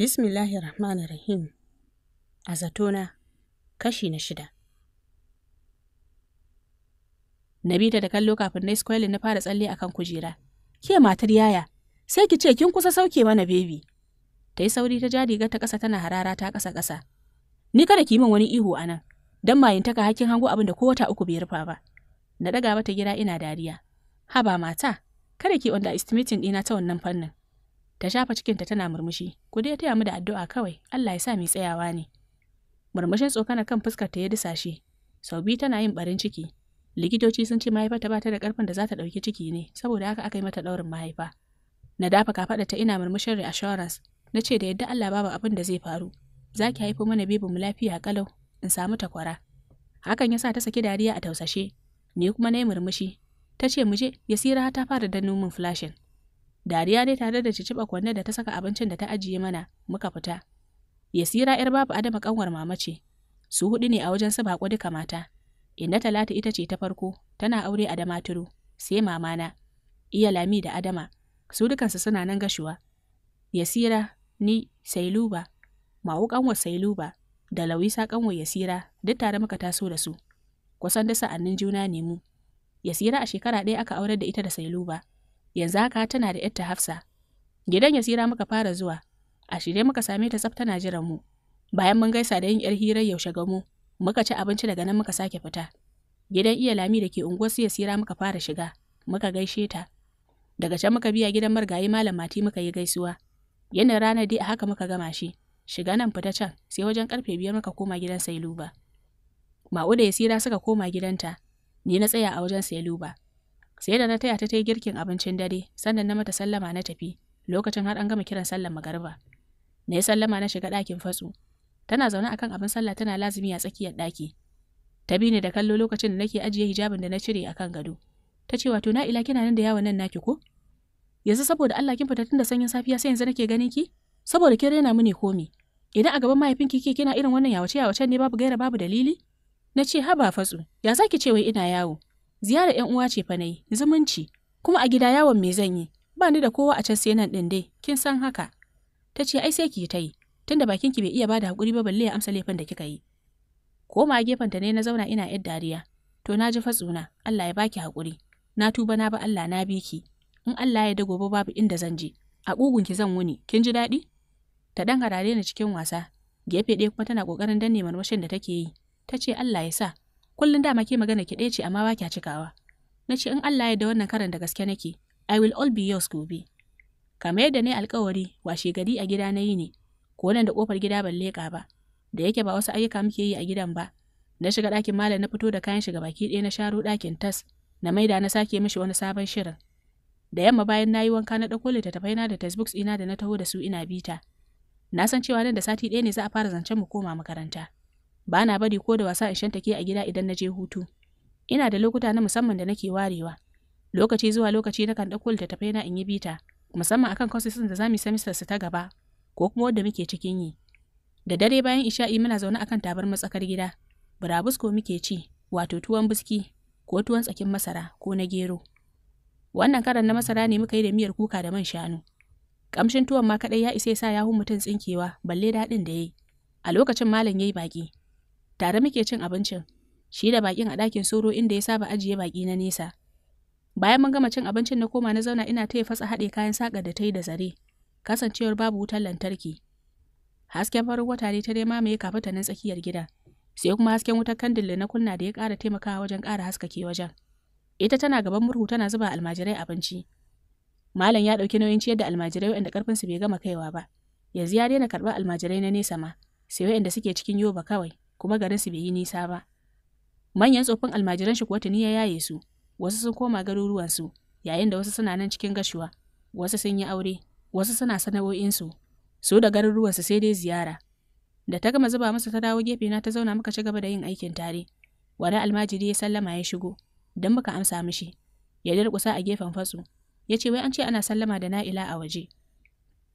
Bismillahi Rahmanir Rahim a zatona kashi na shida. Nabita da kallo kafin na square na fara tsalle a kan kujera. Ke matar yaya, sai ki ce kin kusa sauke mana bebi. Ta yi sauri ta ja riga ta kasa, tana harara ta kasa-kasa. Ni kada ki min wani ihu a nan dan mayin taka hakkin hango abin da ko wata uku bai rufa ba. Na daga mata gida ina dariya. Haba mata, kada ki underestimating ɗina ta wannan fannin. ta shafa cikinta tana murmushi ku dai taya mu da addu'a kawai Allah ya sa mai tsayawa ne murmushin tsokana kan fuskar ta ya disa shi sau biyu tana yin barin ciki likitoci sun ce mahaifarta ba ta da karfin da za ta ɗauki ciki ne saboda haka aka yi mata daurin mahaifa na dafa kafaɗa ta ina murmushin reassurance na ce da yadda Allah babu abin da zai faru za ki haifo mana mu lafiya kalau in samu takwara hakan ya sa ta saki dariya a tausashe ni kuma na yi murmushi ta ce mu je yasira ta fara danno min flashing Dariya dai tare da ciciba kwanne da ta saka abincin da ta ajiye mana, muka fita. Yasira ‘yar babu Adama kanwar mama ce, su hudu ne a wajen su baƙo duka mata. Inna Talatu ita ce ta farko, tana aure a Damaturu, sai mamana, iya Lami da Adama, su dukansu suna nan gashuwa. Yasira, ni, Sailuba, Mawu ƙanwar Sailuba, da Lawisa kanwar Yasira, duk tare muka taso da su. Kusan da sa'annin juna ne mu. Yasira a shekara ɗaya aka aurar da ita da Sailuba. yanzu haka tana da yarta Hafsa. Gidan Yasira muka fara zuwa, a shirye muka same ta tsafta na jiran mu. Bayan mun gaisa da yin yar hirar yaushe gamu, muka ci abinci daga nan muka sake fita. Gidan iya lami da ke unguwar su Yasira muka fara shiga, muka gaishe ta. Daga can muka biya gidan margayi Malam Mati muka yi gaisuwa. Yanin ranar dai a haka muka gama shi. Shiga nan fita can, sai wajen karfe biyar muka koma gidan Sailuba. Ma'u da Yasira suka koma gidanta, ni na tsaya a wajen luba. Sai da na taya ta tai girkin abincin dare, sannan na mata sallama na tafi, lokacin har an gama kiran sallar magariba. Na yi sallama na shiga ɗakin fatsu. Tana zaune akan abin sallah tana lazumi a tsakiyar ɗaki. Ta bi ni da kallo lokacin da nake ajiye hijabin da na cire akan gado. Ta ce wato na ila kina nan da yawon nan naki ko? Yanzu saboda Allah kin fita tun da sanyin safiya sai yanzu nake ganin ki? Saboda kin rena ne komi. Idan a gaban mahaifin kike kina irin wannan yawace yawacen ne babu gaira babu dalili? Na ce haba fatsu, ya zaki ce wai ina yawo? Ziyarar 'yan uwa ce fa na yi. zumunci, kuma a gida yawon me zan yi? Ba ni da kowa a can sai nan ɗin dai, kin san haka. Ta ce ai sai ki ta yi, tunda bakin ki bai iya bada hakuri ba balle ya amsa laifin da kika yi. Koma gefenta ne na zauna ina yar dariya. To na ji fatsuna, Allah ya baki hakuri. Na tuba na ba Allah na bi ki. In Allah ya da gobe babu inda zan je. A ƙugun ki zan wuni, kin ji daɗi? Ta dan harare ni cikin wasa. Gefe ɗaya kuma tana ƙoƙarin danne marmashin da take yi. Ta ce Allah ya sa, kullum dama ke magana ki ɗaya ce amma ba kya cikawa. Na ce in Allah ya da wannan karan da gaske nake, I will all be yours gobe. Kamar yadda ne alkawari washe gari a gida na yi ne, ko nan da kofar gida ban leƙa ba, da yake ba wasu ayyuka muke yi a gidan ba. Na shiga ɗakin malam na fito da kayan shiga baki ɗaya na sharo ɗakin tas, na maida na sake mishi wani sabon shirin. Da yamma bayan na yi wanka na ɗauko littattafai na da textbooks ina da na taho da su ina bita. Na san cewa nan da sati ɗaya ne za a fara zancen mu koma makaranta. ba na bari ko da wasa in ke a gida idan na je hutu ina da lokuta na musamman da nake warewa lokaci zuwa lokaci na nakan ɗauko littattafai na in yi bita musamman akan kwasisin da zamu mu semester su ta gaba ko kuma wanda muke cikin yi da dare bayan isha'i muna zaune akan tabar matsakar gida burabusko muke ci wato tuwon biski ko tuwon tsakin masara ko na gero wannan karan na masara ne muka yi da miyar kuka da man shanu kamshin tuwon ma kadai ya isa sa hu mutum tsinkewa balle daɗin da yayi a lokacin malam yayi baki Tare muke cin abincin, shi da bakin a ɗakin soro inda ya saba ajiye baki na nesa. Bayan mun gama cin abincin na koma na zauna ina taya fasa haɗe kayan saƙa da ta yi da zare, kasancewar babu wutar lantarki. Hasken farin wata ne ta dai mamaye nan tsakiyar gida, sai kuma hasken wutar kandil da na kunna da ya ƙara taimakawa wajen ƙara haskake wajen. Ita tana gaban murhu tana zuba almajirai abinci. Malam ya ɗauki nauyin ciyar da almajirai waɗanda ƙarfinsu bai gama kaiwa ba. Yanzu ya daina karɓar almajirai na nesa ma, sai waɗanda suke cikin yoba kawai. kuma su bai yi nisa ba. Manyan tsofin almajiran shi kuwa tuni ya yaye su, wasu sun koma garuruwansu, yayin da wasu suna nan cikin gashuwa, wasu sun yi aure, wasu suna sana'o'insu, su da garuruwansu sai dai ziyara. Da ta gama zuba masa ta dawo gefe na ta zauna muka ci gaba da yin aikin tare. Wani almajiri ya sallama ya shigo, don muka amsa mishi. Ya durƙusa a gefen fatsu, ya ce wai an ce ana sallama da na'ila a waje.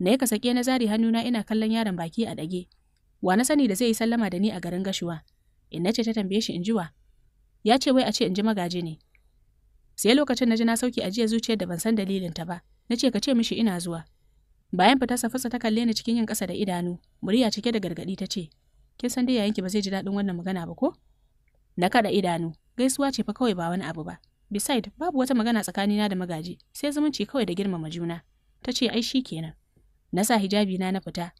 Na yi kasake na zari hannuna ina kallon yaron baki a ɗage, Wa na sani da zai yi sallama da ni a garin gashuwa. Inna ce ta tambaye shi in ji wa. Ya ce wai a ce in ji magaji ne. Sai lokacin na ji na sauki ajiya zuciyar da ban san dalilin ta ba. Na ce ka ce mishi ina zuwa. Bayan fita safasa ta kalle ni cikin yin kasa da idanu, murya cike da gargadi ta ce, Kin san dai yayinki ba zai ji daɗin wannan magana ba ko? Na kada idanu, gaisuwa ce fa kawai ba wani abu ba. Beside, babu wata magana tsakanina da magaji, sai zumunci kawai da girmama juna. Ta ce, ai shi kenan. Na sa hijabi na na fita,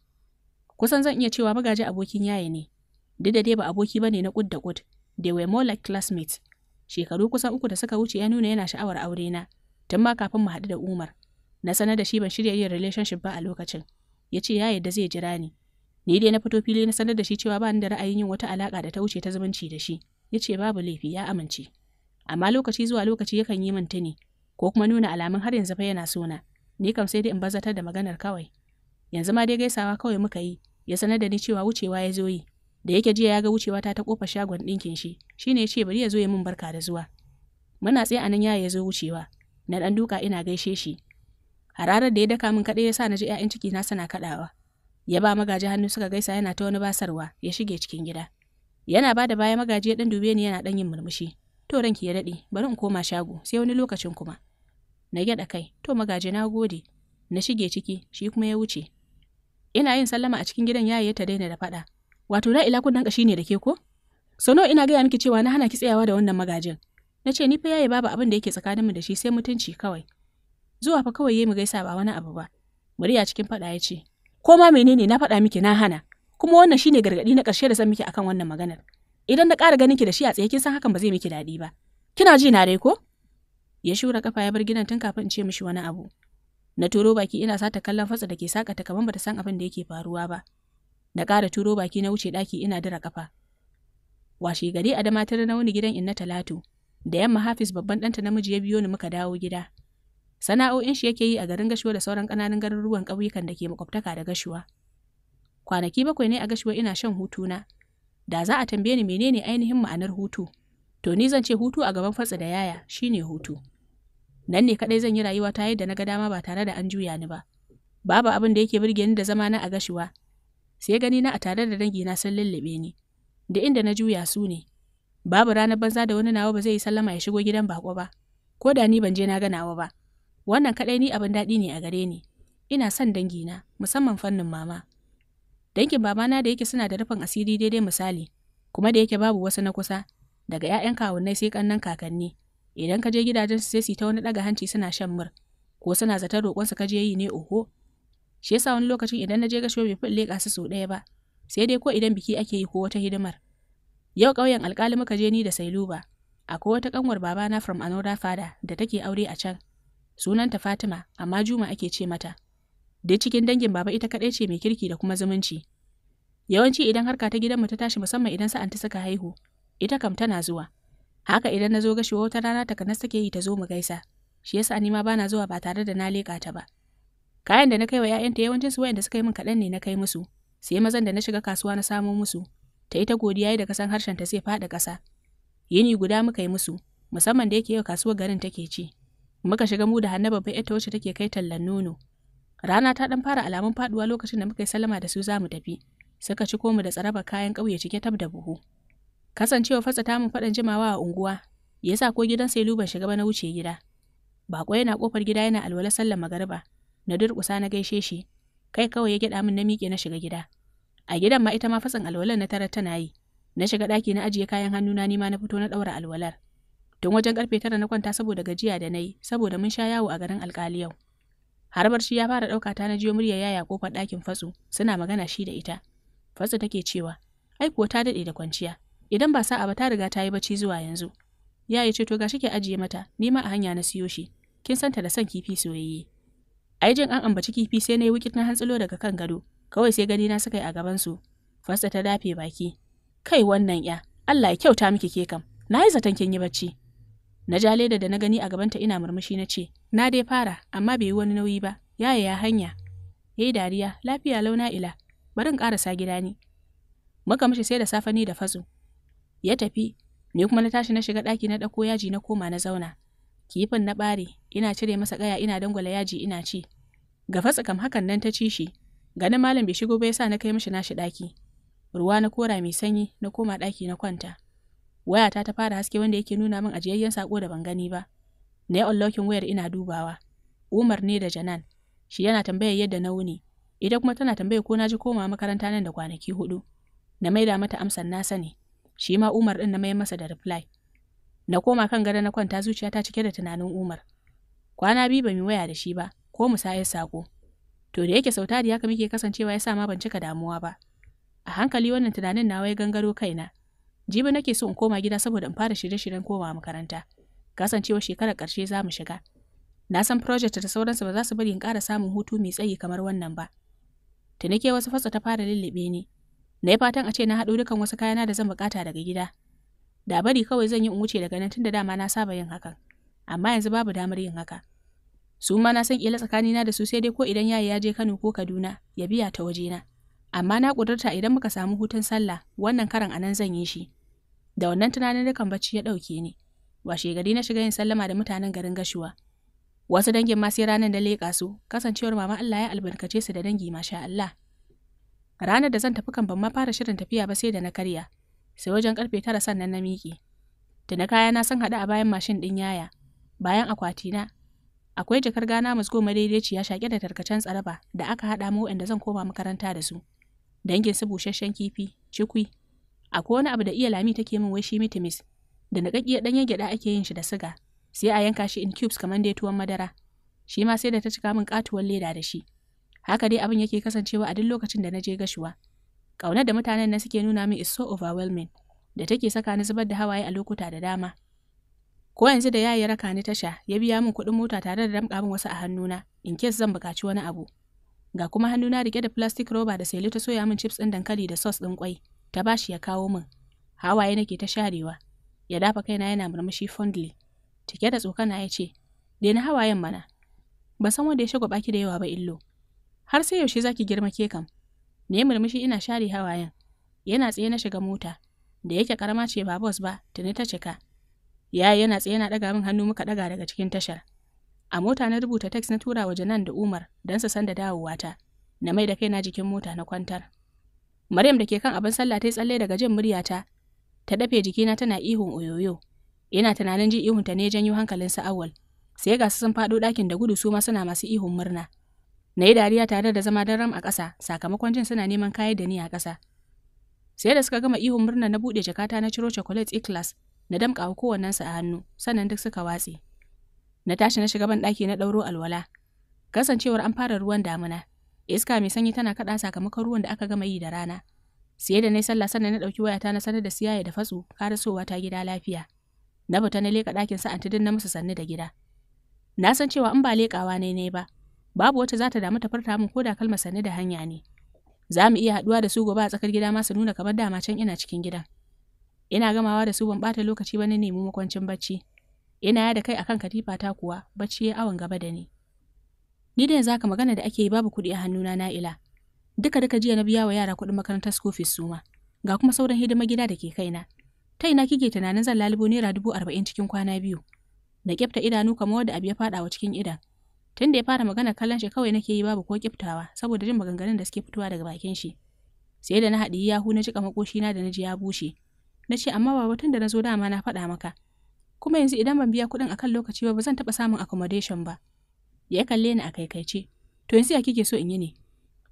Kusan zan iya cewa magaji abokin yaye ne, duk da dai ba aboki ba ne na kud da kud, they were more like classmates. Shekaru kusan uku da suka wuce ya nuna yana sha'awar aure na, tun ma kafin mu haɗu da Umar. Na sanar da shi ban shirya yin relationship ba a lokacin. Ya ce ya yadda zai jira ni. Ni dai na fito fili na sanar da shi cewa ba ni da ra'ayin yin wata alaka da ta wuce ta zumunci da shi. Ya ce babu laifi ya amince. Amma lokaci zuwa lokaci yakan yi min tuni, ko kuma nuna alamun har yanzu fa yana sona. Ni kam sai dai in bazatar da maganar kawai. yanzu ma dai gaisawa kawai muka yi ya sanar da ni cewa wucewa ya zo yi da yake jiya ya ga wucewa ta ta kofa shagon ɗinkin shi shine ya ce bari ya zo ya min barka da zuwa muna tsaye a nan yaya ya zo wucewa na ɗan duka ina gaishe shi hararar da ya daka min kaɗai ya sa na ji 'ya'yan ciki na sana kaɗawa ya ba magaji hannu suka gaisa yana ta wani basarwa ya shige cikin gida yana ba da baya magaji ya ɗan dube ni yana ɗan yin murmushi to ranki ya daɗe bari in koma shago sai wani lokacin kuma na gyaɗa kai to magaji na gode na shige ciki shi kuma ya wuce ina yin sallama a cikin gidan yayi ta daina da faɗa wato da ila kunnan kashi ne da ke ko Sono nawa ina gaya miki cewa na hana ki tsayawa da wannan magajin na ce ni fa yayi babu abin da yake tsakaninmu da shi sai mutunci kawai zuwa fa kawai yayi mu gaisa ba wani abu ba murya cikin faɗa ya ce ko ma menene na faɗa miki na hana kuma wannan shine gargaɗi na ƙarshe da zan miki akan wannan maganar idan na ƙara ganin ki da shi a tsaye kin san hakan ba zai miki daɗi ba kina ji na dai ko ya shura kafa ya bar gidan tun kafin in ce mishi wani abu Na turo baki ina sata kallon fatsa da ke sakata kamar bata san abin da yake faruwa ba. Na ƙara turo baki na wuce ɗaki ina dira ƙafa. Washe gari a damatar na wani gidan inna Talatu, da yamma Hafiz babban ɗanta namiji ya biyo ni muka dawo gida. Sana'o'in shi yake yi a garin Gashuwa da sauran ƙananan garuruwan ƙauyukan da ke makwabtaka da Gashuwa. Kwanaki bakwai ne a Gashuwa ina shan hutuna. Da za a tambaye ni menene ainihin ma'anar hutu, to ni zan ce hutu a gaban fatsa da yaya shine hutu. nan ne kaɗai zan yi rayuwa ta yadda na ga dama ba tare da an juya ni ba babu abin da yake burge ni da zama na a gashiwa sai gani na a tare da dangi na sun lullube ni da inda na juya su ne babu ranar banza da wani nawa ba zai yi sallama ya shigo gidan bako ba ko da ni ban je na ga nawa ba wannan kaɗai ni abin daɗi ne a gare ni ina son dangi na. musamman fannin mama dangin babana da yake suna da rufin asiri daidai misali kuma da yake babu wasu na kusa daga 'ya'yan kawunnai sai kannan kakanni idan ka je gidajen su sai su ta wani daga hanci suna shan mur ko suna zatar roƙonsu ka je yi ne oho shi yasa wani lokacin idan na je gasho bai fi leƙa su sau ɗaya ba sai dai ko idan biki ake yi ko wata hidimar yau ƙauyen alƙali muka je ni da sailu ba akwai wata ƙanwar babana from another fada da take aure a can sunanta fatima amma juma ake ce mata duk cikin dangin baba ita kaɗai ce mai kirki da kuma zumunci yawanci idan harka ta gidanmu ta tashi musamman idan sa'anta suka haihu ita kam tana zuwa haka idan na zo gashiwa wata rana ta kana sake yi ta zo mu gaisa shi yasa ni ma bana zuwa ba tare da na leka ta ba kayan da na kai wa 'ya'yanta yawancin su wayanda suka yi min kaɗan ne na kai musu sai mazan da na shiga kasuwa na samo musu ta yi ta godiya da kasan harshen ta sai faɗi ƙasa yini guda muka yi musu musamman da yake yau kasuwar garin take ci muka shiga mu da hannu babban ita wacce take kai tallan nono rana ta ɗan fara alamun faduwa lokacin da muka yi sallama da su za mu tafi suka ciko mu da tsaraba kayan ƙauye cike tab da buhu Kasancewa fatsa tamun faɗin faɗan jimawa a unguwa, ya sa ko gidan sai Luban shiga ba na wuce gida. Baƙo yana kofar gida yana alwala sallar magariba, na durƙusa na gaishe shi, kai kawai ya gyaɗa min na miƙe na shiga gida. A gidan ma ita ma fasan alwalar na tarar tana yi, na shiga ɗaki na ajiye kayan hannu na nima na fito na ɗaura alwalar. Tun wajen ƙarfe tara na kwanta saboda gajiya da na yi, saboda mun sha yawo a garin alƙali yau. Har barci ya fara ɗauka ta na jiyo muryar yaya kofar ɗakin fatsu, suna magana shi da ita. Fatsu take cewa, ai kuwa ta daɗe da kwanciya, idan ba sa'a ba ta riga ta yi bacci zuwa yanzu ya yi ga shi ke ajiye mata ni ma a hanya na siyo shi kin santa da son kifi soyayye yi jin an ambaci kifi sai na yi wikit na hantsilo daga kan gado kawai sai gani na suka yi a gaban su fasta ta dafe baki kai wannan ya Allah ya kyauta miki ke kam na yi zaton kin yi bacci na ja leda da na gani a gabanta ina murmushi na ce na dai fara amma bai yi wani nauyi ba yaya ya hanya yayi dariya lafiya launa ila bari in ƙarasa gida ni muka mishi sai da safe ni da fatsu ya tafi ni kuma na tashi na shiga ɗaki na ɗako yaji na koma na zauna kifin na ɓare ina cire masa ƙaya ina dangwala yaji ina ci gafatsa kam hakan nan ta ci shi ganin malam bai shigo ba yasa na kai mishi nashi ɗaki ruwa na kora mai sanyi na koma ɗaki na kwanta wayata ta fara haske wanda yake nuna min ajiyayyen sako da ban gani ba na yi unlocking wayar ina dubawa umar ne da janan shi yana tambayar yadda na wuni ita kuma tana tambaya ko na ji koma makaranta nan da kwanaki hudu na maida mata amsan na sani shi ma Umar ɗin na mai masa da reply. Na koma kan gado na kwanta zuciya ta cike da tunanin Umar. Kwana biyu ba mu waya da shi ba, ko musayar sako. To da yake sautari haka muke kasancewa ya sa ma ban cika damuwa ba. A hankali wannan tunanin nawa ya gangaro kaina. Jibi nake so in koma gida saboda in fara shirye-shiryen komawa makaranta. Kasancewa shekarar ƙarshe za mu shiga. Na san project da sauransu ba za su bari in ƙara samun hutu mai tsayi kamar wannan ba. Tunike wasu fatsa ta fara lullube ni, Na yi fatan a ce na haɗu dukan wasu kayana da zan buƙata daga gida. Da bari kawai zan yi in wuce daga nan tunda dama na saba yin hakan. Amma yanzu babu damar yin haka. Su ma na san ƙila tsakanina da su sai dai ko idan yayi ya je Kano ko Kaduna ya biya ta waje na. Amma na ƙudurta idan muka samu hutun sallah wannan karan anan zan yi shi. Da wannan tunanin dukan bacci ya ɗauke ni. Washe gari na shiga yin sallama da mutanen garin Gashuwa. Wasu dangin ma sai ranar da leƙa su, kasancewar mama Allah ya albarkace su da dangi masha Allah. Ranar da zan tafi kan ban ma fara shirin tafiya ba sai da na karya. Sai wajen karfe tara sannan na miƙe. Tuna kaya na san haɗu a bayan mashin ɗin yaya. Bayan akwatina, akwai jakar gana musgo madaidaiciya shaƙe da tarkacen tsaraba da aka haɗa mu waɗanda zan koma makaranta da su. Dangin su busasshen kifi, cikwi. Akwai wani abu da iya lami take min wai shi mitimis. Da naƙaƙƙiyar ɗanyen gyaɗa ake yin shi da siga. Sai a yanka shi in cubes kamar dai tuwon madara. Shi ma sai da ta cika min ƙatuwar leda da shi. Haka dai abin yake kasancewa a duk lokacin da na je gashuwa. Ƙaunar da mutanen nan suke nuna min is so overwhelming da take saka ni zubar da hawaye a lokuta da dama. Ko yanzu da yayi raka ni tasha ya biya min kuɗin mota tare da damƙa min wasu a hannuna in case zan buƙaci wani abu. Ga kuma hannuna rike da plastic roba da Sailu ta soya min chips ɗin dankali da sauce ɗin kwai ta bashi ya kawo min. Hawaye nake ta sharewa. Ya dafa kaina yana murmushi fondly. Cike da tsokana ya ce, na hawayen mana. ba san wanda ya shagwaba ki da yawa ba illo. Har sai yaushe za ki girma ke kam. Ne murmushi ina share hawayen. Yana tsaye na shiga mota. Da yake karama ce ba bos ba, tuni ta cika. Ya yana tsaye na daga min hannu muka ɗaga daga cikin tashar. A mota na rubuta text na tura wa Janan da Umar don su san da ta. Na mai da kai na jikin mota na kwantar. Maryam da ke kan abin sallah ta yi tsalle daga jin muryata. Ta dafe jikina tana ihun oyoyo. Ina tunanin ji ihunta ne janyo hankalin sa awal. Sai ga sun faɗo ɗakin da gudu su ma suna masu ihun murna. Na yi dariya tare da zama daram a ƙasa sakamakon jin suna neman kayan da ni a ƙasa. Sai da suka gama ihun murna na buɗe jakata na ciro chocolates E-class na damƙa kowannen kowannensu a hannu sannan duk suka watse. Na tashi na shiga ban ɗaki na ɗauro alwala. Kasancewar an fara ruwan damuna. Iska mai sanyi tana kaɗa sakamakon ruwan da aka gama yi da rana. sai da na sallah sannan na ɗauki wayata na sanar da siyaya da fatsu karasowa ta gida lafiya. Na fita na leƙa ɗakin sa duk na musu sannu da gida. Na san cewa in ba leƙawa ne ne ba, babu wacce za ta damu ta farta min ko kalmar sanne da hanya ne za mu iya haɗuwa da su gobe a tsakar gida ma nuna kamar dama can ina cikin gidan ina gamawa da su ban bata lokaci ba na nemi makwancin bacci ina ya da kai akan katifa ta kuwa bacci ya awon gaba da ni ni dai za ka magana da ake yi babu kuɗi a hannuna na ila duka duka jiya na biya wa yara kuɗin makarantar school fees su ma ga kuma sauran hidimar gida da ke kaina ta ina kike tunanin zan lalibo naira dubu arba'in cikin kwana biyu na kyafta idanu kamar wadda abu ya faɗawa cikin idan tun da ya fara magana kallon shi kawai nake yi babu ko kiftawa saboda jin maganganun da suke fitowa daga bakin shi sai da na haɗi yahu na jika na da na ji ya bushe na ce amma baba tun da na zo dama na faɗa maka kuma yanzu idan ban biya kuɗin akan lokaci ba ba zan taɓa samun accommodation ba ya kalle ni a kaikaice to yanzu ya kike so in yi ne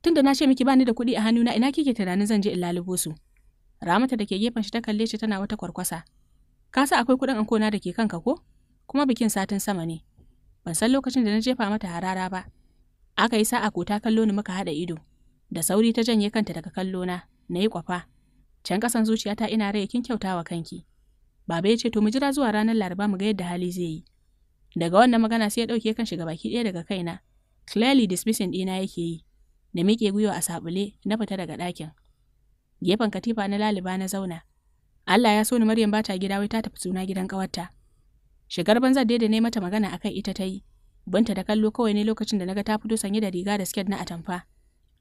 tunda na ce miki bani da kuɗi a hannuna ina kike tunanin zan je in lalubo su ramata da ke gefen shi ta kalle shi tana wata kwarkwasa ka sa akwai kuɗin ankona da ke kanka ko kuma bikin satin sama ne ban san lokacin da na jefa mata harara ba aka yi sa'a ko ta kallo ni muka haɗa ido da sauri ta janye kanta daga kallo na na yi kwafa can ƙasan zuciyata ina rai kin kyautawa kanki baba ya ce to mu jira zuwa ranar laraba mu ga yadda hali zai yi daga wannan magana sai ya ɗauke kan shiga baki ɗaya daga kaina clearly dismissing ɗina yake yi da miƙe gwiwa a sabule, na fita daga ɗakin gefen katifa na laliba na zauna Allah ya so ni Maryam ba ta gida wai ta tafi suna gidan ƙawarta. Shigar banzar dai da ne mata magana akan ita ta yi. Binta da kallo kawai ne lokacin da naga ta fito sanye da riga da sket na atamfa.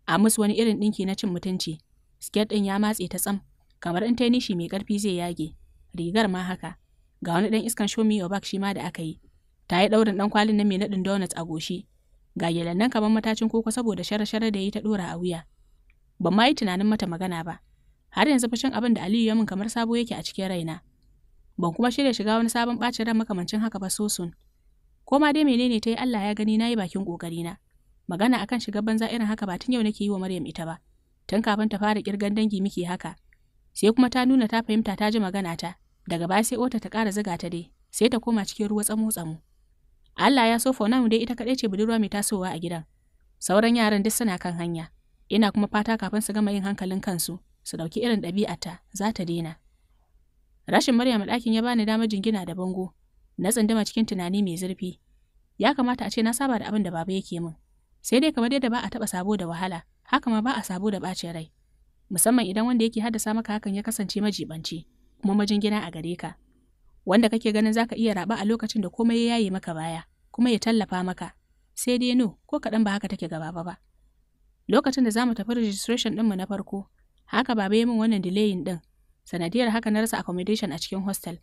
A musu wani irin dinki na cin mutunci. Sket ɗin ya matse ta tsam, kamar in ta nishi mai ƙarfi zai yage. Rigar ma haka. Ga wani ɗan iskan show me your back shi ma da aka yi. Ta yi ɗaurin ɗan kwalin na mai naɗin donuts a goshi. Ga nan kamar matacin koko saboda share-share da yi ta ɗora a wuya. Ban ma yi tunanin mata magana ba. Har yanzu fashin abin da Aliyu ya min kamar sabo yake a cikin raina. ban kuma shirya shiga wani sabon ɓacin ran makamancin haka ba so sun. Ko ma dai menene ta yi Allah ya gani na yi bakin na Magana akan shiga banza irin haka ba tun yau nake yi wa Maryam ita ba. Tun kafin ta fara kirgan dangi muke haka. Sai kuma ta nuna ta fahimta ta ji magana ta. Daga baya sai ota ta ƙara ziga ta dai, sai ta koma cikin ruwa tsamo-tsamo. Allah ya so mu dai ita kaɗai ce budurwa mai tasowa a gidan. Sauran yaran duk suna kan hanya. Ina kuma fata kafin su gama yin hankalin kansu, su ɗauki irin ɗabi'ata za ta daina. Rashin Maryam a ɗakin ya bani damar jingina da bango. Na tsandama cikin tunani mai zurfi. Ya kamata a ce na saba da abin da baba yake min. Sai dai kamar yadda ba a taɓa sabo da wahala, haka ma ba a sabo da bacin rai. Musamman idan wanda yake haddasa maka hakan ya kasance majibanci, kuma majingina a gare ka. Wanda kake ganin zaka iya raba a lokacin da komai ya yaye maka baya, kuma ya tallafa maka. Sai dai no, ko kaɗan ba haka take gaba ba. Lokacin da za mu tafi registration mu na farko, haka baba ya min wannan dilayin ɗin, Sanadiyar haka na rasa accommodation a cikin hostel.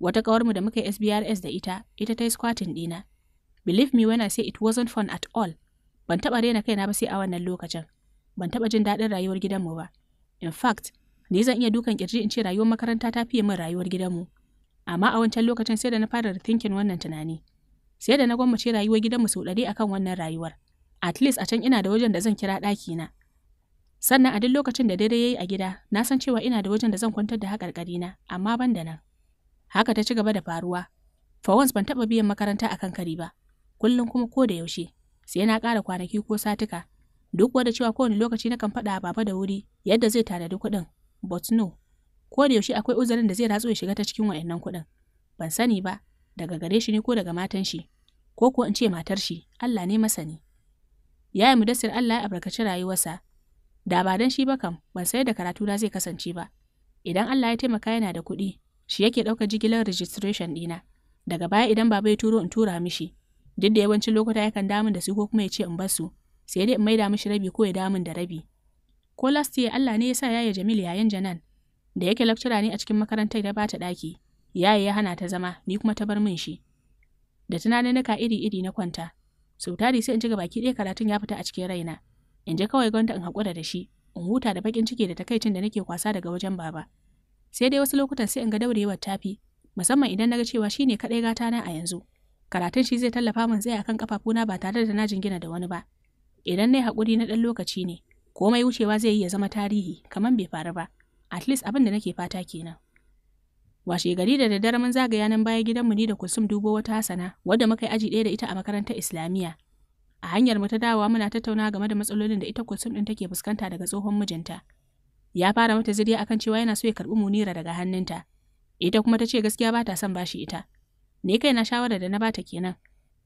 Wata kawarmu da muka yi SBRS da ita, ita ta yi squatin ɗina. Believe me when I say it wasn't fun at all. Ban taɓa daina kaina ba sai a wannan lokacin. Ban taɓa jin daɗin rayuwar gidanmu ba. In fact, ne zan iya dukan kirji in ce rayuwar makaranta ta fiye min rayuwar gidanmu. Amma a wancan lokacin sai da na fara thinking wannan tunani. Sai da na gwammace rayuwar gidanmu sau ɗari akan wannan rayuwar. At least a can ina da wajen da zan kira na. Sannan a duk lokacin da dare yi a gida, na san cewa ina da wajen da zan kwantar da na amma ban da nan. Haka ta ci gaba da faruwa. For ban taɓa biyan makaranta akan kari ba. Kullum kuma ko da yaushe, sai na ƙara kwanaki ko satuka. Duk wanda cewa kowane lokaci na kan faɗa baba da wuri yadda zai da kuɗin, but no. Ko da yaushe akwai uzurin da zai ratso ya shiga ta cikin wa'annan kuɗin. Ban sani ba, daga gare shi ne ko daga matan shi, ko ko in ce matar shi, Allah ne masani. Yaya Mudassir Allah ya albarkaci rayuwarsa, Da ba don shi ba kam, ban sayar da karatu na zai kasance ba. Idan Allah ya taimaka yana da kuɗi, shi yake ɗaukar jigilar registration ɗina. Daga baya idan baba ya turo in tura mishi. Duk da yawancin lokuta yakan damun da su ko kuma ya ce in bar su, sai dai in maida mishi rabi ko ya damun da rabi. Ko last year Allah ne ya sa yaya Jamil yayin Janan, da yake lecturer ne a cikin makarantar da ba ta ɗaki, yaya ya hana ta zama, ni kuma ta bar min shi. Da tunanin iri-iri na kwanta, sau tari sai in ji baki ɗaya karatun ya fita a cikin raina. in ji kawai gwanda in haƙura da shi in huta da baƙin ciki da takaicin da nake kwasa daga wajen baba sai dai wasu lokutan sai in ga daurewar tafi musamman idan na ga cewa shi ne kaɗai gata na a yanzu karatun shi zai tallafa min tsaye akan kafafuna ba tare da na jingina da wani ba idan na yi haƙuri na ɗan lokaci ne komai wucewa zai yi ya zama tarihi kamar bai faru ba at least abin da nake fata kenan washe gari da daddare mun zagaya nan baya gidanmu ni da kulsum dubo wata hasana wadda muka yi aji ɗaya da ita a makarantar islamiyya A hanyar mu ta dawowa muna tattauna game da matsalolin da ita Kulsum din take fuskanta daga tsohon mijinta. Ya fara mata zuriya akan cewa yana so ya karbi Munira daga hannunta. Ita kuma ta ce gaskiya ba ta son bashi ita. ne kai na shawara da na bata kenan.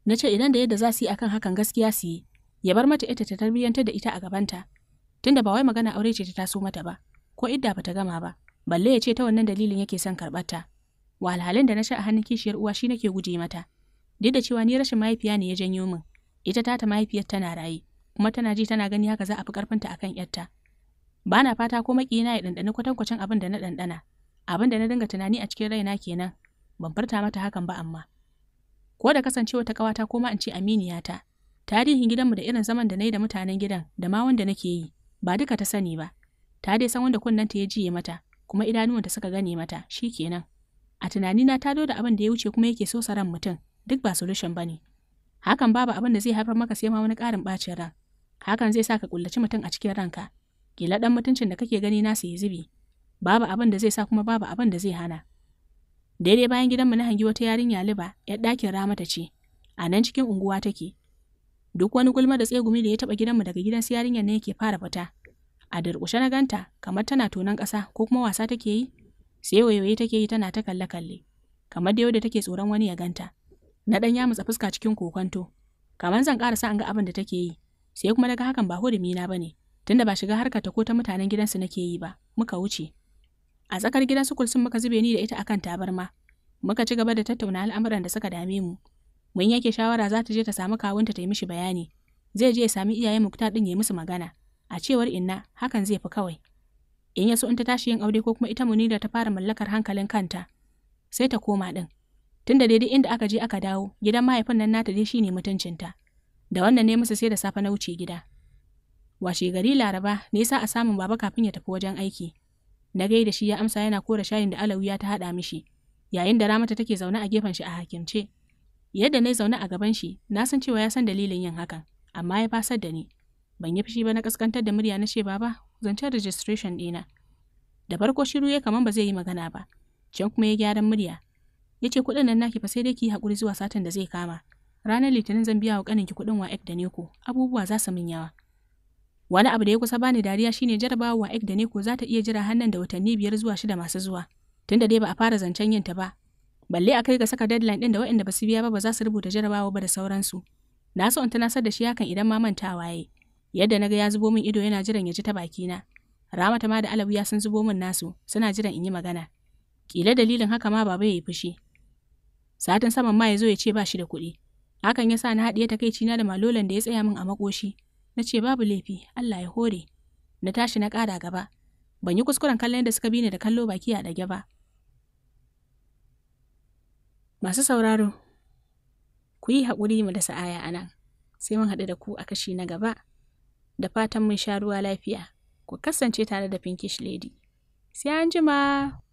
Na ce idan da yadda za su yi akan hakan gaskiya su yi, ya bar mata ita ta tarbiyyantar da ita a gabanta. Tunda ba wai magana aure ce ta taso mata ba, ko idda ba ta gama ba, balle ya ce ta wannan dalilin yake son karɓarta. Walhalin da na sha a hannun kishiyar uwa shi nake guje mata. Duk da cewa ni rashin mahaifiya ne ya janyo min, ita ta ta mahaifiyar tana raye kuma tana ji tana gani haka za a fi karfinta akan yarta ba na fata ko makiyina ya dandani kwatankwacin abin da na dandana abin da na dinga tunani a cikin raina kenan ban furta mata hakan ba amma ko da kasancewa ta kawata ko ma in ce aminiyata tarihin gidanmu da irin zaman da na yi da mutanen gidan da ma wanda nake yi ba duka ta sani ba ta dai san wanda ta ya jiye mata kuma idanuwan ta suka gane mata shi kenan a tunanina ta da abin da ya wuce kuma yake so saran mutum duk ba solution bane hakan babu abin da zai haifar maka sai ma wani ƙarin ɓacin ran hakan zai sa ka kullaci mutum a cikin ranka kila ɗan mutuncin da kake gani nasu ya zubi babu abin da zai sa kuma babu abin da zai hana daidai bayan gidanmu na hangi wata yarinya liba yar ɗakin ta ce a nan cikin unguwa take duk wani gulma da tsegumi da ya taɓa gidanmu daga gidan su yarinyar ne yake fara fita a durƙushe na ganta kamar tana tonon ƙasa ko kuma wasa take yi sai wayoyi take yi tana ta kalle-kalle kamar da yau da take tsoron wani ya ganta na ɗan mutsa fuska cikin kokonto kamar zan ƙarasa an ga abin da take yi sai kuma daga hakan ba hudumi na ne. tunda ba shiga harka ta ko ta mutanen gidansu nake yi ba muka wuce a tsakar gidan su kulsun muka zube ni da ita akan tabarma muka ci gaba da tattauna al'amuran da suka dame mu mun yake shawara za ta je ta samu kawunta ta yi mishi bayani zai je ya sami iyayen mukta din ya musu magana a cewar inna hakan zai fi kawai in ya so in ta tashi yin aure ko kuma ita da ta fara mallakar hankalin kanta sai ta koma din tun da daidai inda aka je aka dawo gidan mahaifin nan nata dai shine mutuncinta da wannan ne musu sai da safe na wuce gida washe gari laraba nisa a samun baba kafin ya tafi wajen aiki na gaida shi ya amsa yana kora shayin da alawiya ta hada mishi yayin da ramata take zaune a gefen shi a hakimce yadda na zaune a gaban shi na san cewa ya san dalilin yin hakan amma ya fasar da ni ban yi fushi ba na kaskantar da murya na ce baba zancen registration dina. da farko shiru ya kaman ba zai yi magana ba can kuma ya gyaran murya ya ce kuɗin nan naki fa sai dai ki haƙuri zuwa satin da zai kama ranar litinin zan biya wa ƙaninki kuɗin wa ek da neko abubuwa za su min yawa wani abu da ya kusa bani dariya shine jarabawa wa ek da neko za ta iya jira hannun da watanni biyar zuwa shida masu zuwa tunda dai ba a fara zancen yin ta ba balle a kai ga saka deadline ɗin da waɗanda ba su biya ba ba za su rubuta jarabawa ba da sauransu na so in nasar da shi hakan idan ma mantawa waye. yadda na ga ya zubo min ido yana jiran ya ji ta bakina ramata ma da alabu ya sun zubo min nasu suna jiran in yi magana kila dalilin haka ma baba ya yi fushi satan saman ma ya zo ya ce ba shi da kuɗi. Hakan ya sa na haɗiye takaicina da malolan da ya tsaya min a makoshi. Na ce babu laifi, Allah ya hore. Na tashi na ƙara gaba. Ban yi kuskuren kallon da suka bini ni da kallo baki a dage ba. Masu sauraro, ku yi haƙuri mu da sa'aya a nan. Sai mun haɗu da ku a kashi na gaba. Da fatan mun sha ruwa lafiya. Ku kasance tare da Pinkish Lady. Sai an jima.